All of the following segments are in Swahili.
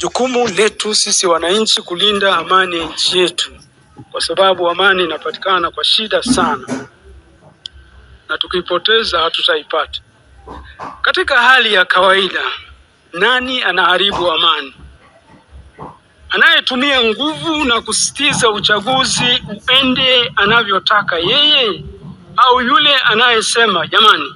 jukumu letu sisi wananchi kulinda amani ya nchi yetu, kwa sababu amani inapatikana kwa shida sana, na tukipoteza hatutaipata. Katika hali ya kawaida, nani anaharibu amani? Anayetumia nguvu na kusitiza uchaguzi uende anavyotaka yeye, au yule anayesema jamani,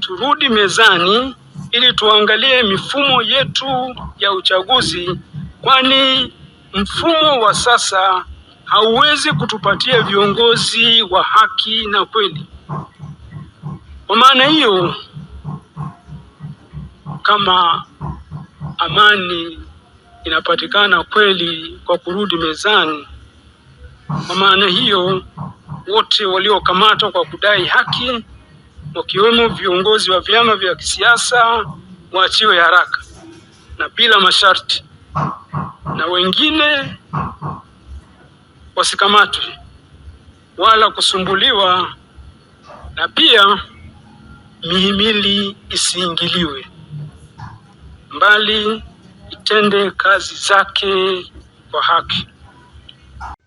turudi mezani ili tuangalie mifumo yetu ya uchaguzi, kwani mfumo wa sasa hauwezi kutupatia viongozi wa haki na kweli. Kwa maana hiyo, kama amani inapatikana kweli kwa kurudi mezani, kwa maana hiyo wote waliokamatwa kwa kudai haki wakiwemo viongozi wa vyama vya kisiasa waachiwe haraka na bila masharti, na wengine wasikamatwe wala kusumbuliwa, na pia mihimili isiingiliwe, mbali itende kazi zake kwa haki.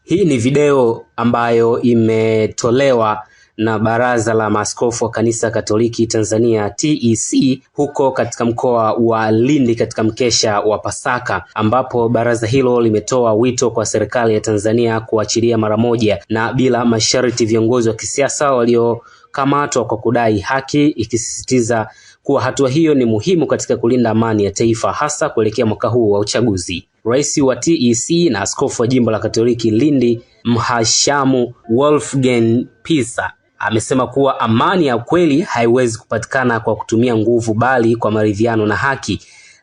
Hii ni video ambayo imetolewa na Baraza la Maaskofu wa Kanisa Katoliki Tanzania TEC huko katika mkoa wa Lindi katika mkesha wa Pasaka ambapo baraza hilo limetoa wito kwa serikali ya Tanzania kuachilia mara moja na bila masharti viongozi wa kisiasa waliokamatwa kwa kudai haki ikisisitiza kuwa hatua hiyo ni muhimu katika kulinda amani ya taifa hasa kuelekea mwaka huu wa uchaguzi. Rais wa TEC na askofu wa jimbo la Katoliki Lindi Mhashamu Wolfgang Pisa Amesema kuwa amani ya kweli haiwezi kupatikana kwa kutumia nguvu bali kwa maridhiano na haki,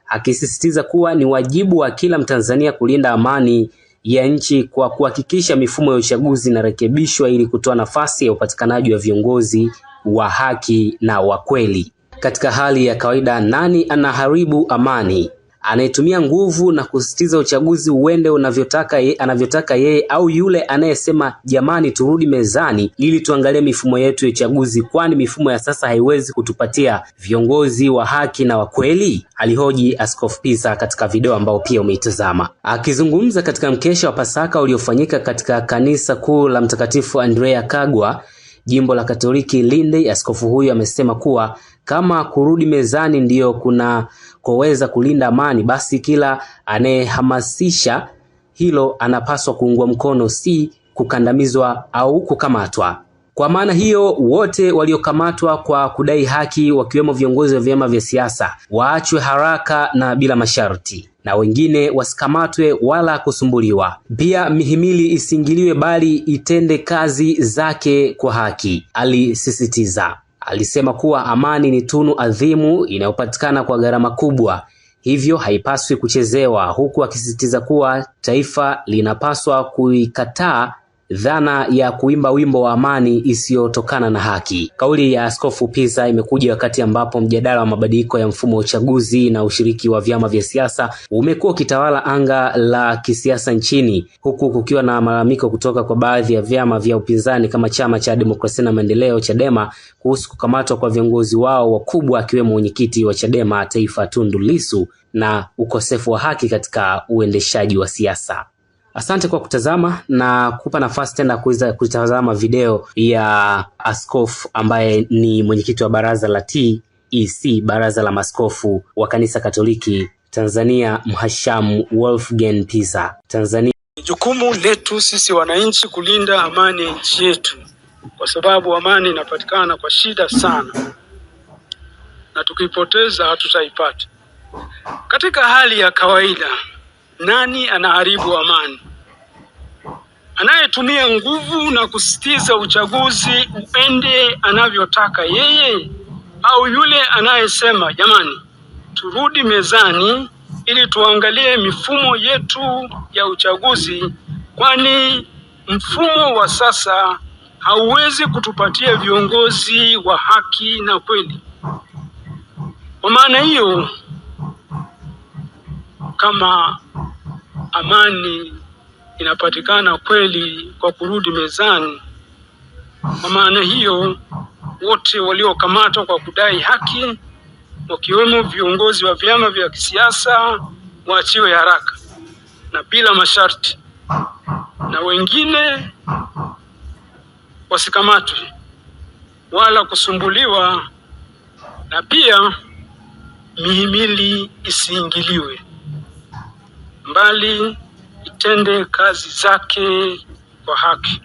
akisisitiza kuwa ni wajibu wa kila Mtanzania kulinda amani ya nchi kwa kuhakikisha mifumo ya uchaguzi inarekebishwa ili kutoa nafasi ya upatikanaji wa viongozi wa haki na wa kweli. Katika hali ya kawaida, nani anaharibu amani? anayetumia nguvu na kusisitiza uchaguzi uende unavyotaka ye, anavyotaka yeye au yule anayesema jamani, turudi mezani ili tuangalie mifumo yetu ya uchaguzi, kwani mifumo ya sasa haiwezi kutupatia viongozi wa haki na wa kweli? Alihoji Askofu Pisa katika video ambayo pia umeitazama. Akizungumza katika mkesha wa Pasaka uliofanyika katika kanisa kuu la Mtakatifu Andrea Kagwa, jimbo la Katoliki Lindi, askofu huyu amesema kuwa kama kurudi mezani ndiyo kunakoweza kulinda amani, basi kila anayehamasisha hilo anapaswa kuungwa mkono, si kukandamizwa au kukamatwa. Kwa maana hiyo, wote waliokamatwa kwa kudai haki, wakiwemo viongozi wa vyama vya siasa, waachwe haraka na bila masharti na wengine wasikamatwe wala kusumbuliwa. Pia mihimili isiingiliwe, bali itende kazi zake kwa haki, alisisitiza. Alisema kuwa amani ni tunu adhimu inayopatikana kwa gharama kubwa, hivyo haipaswi kuchezewa, huku akisisitiza kuwa taifa linapaswa kuikataa dhana ya kuimba wimbo wa amani isiyotokana na haki. Kauli ya Askofu Pisa imekuja wakati ambapo mjadala wa mabadiliko ya mfumo wa uchaguzi na ushiriki wa vyama vya siasa umekuwa ukitawala anga la kisiasa nchini, huku kukiwa na malalamiko kutoka kwa baadhi ya vyama vya upinzani kama Chama cha Demokrasia na Maendeleo Chadema kuhusu kukamatwa kwa viongozi wao wakubwa akiwemo mwenyekiti wa Chadema Taifa Tundu Lissu na ukosefu wa haki katika uendeshaji wa siasa. Asante kwa kutazama na kupa nafasi tena kutazama video ya askofu ambaye ni mwenyekiti wa baraza la TEC, baraza la maskofu wa kanisa Katoliki Tanzania, Mhashamu Wolfgang Pisa, Tanzania. Jukumu letu sisi wananchi kulinda amani ya nchi yetu, kwa sababu amani inapatikana kwa shida sana, na tukiipoteza hatutaipata. Katika hali ya kawaida nani anaharibu amani? Anayetumia nguvu na kusitiza uchaguzi uende anavyotaka yeye, au yule anayesema jamani, turudi mezani ili tuangalie mifumo yetu ya uchaguzi, kwani mfumo wa sasa hauwezi kutupatia viongozi wa haki na kweli. Kwa maana hiyo, kama amani inapatikana kweli kwa kurudi mezani. Kwa maana hiyo, wote waliokamatwa kwa kudai haki, wakiwemo viongozi wa vyama vya kisiasa, waachiwe haraka na bila masharti, na wengine wasikamatwe wala kusumbuliwa, na pia mihimili isiingiliwe mbali itende kazi zake kwa haki.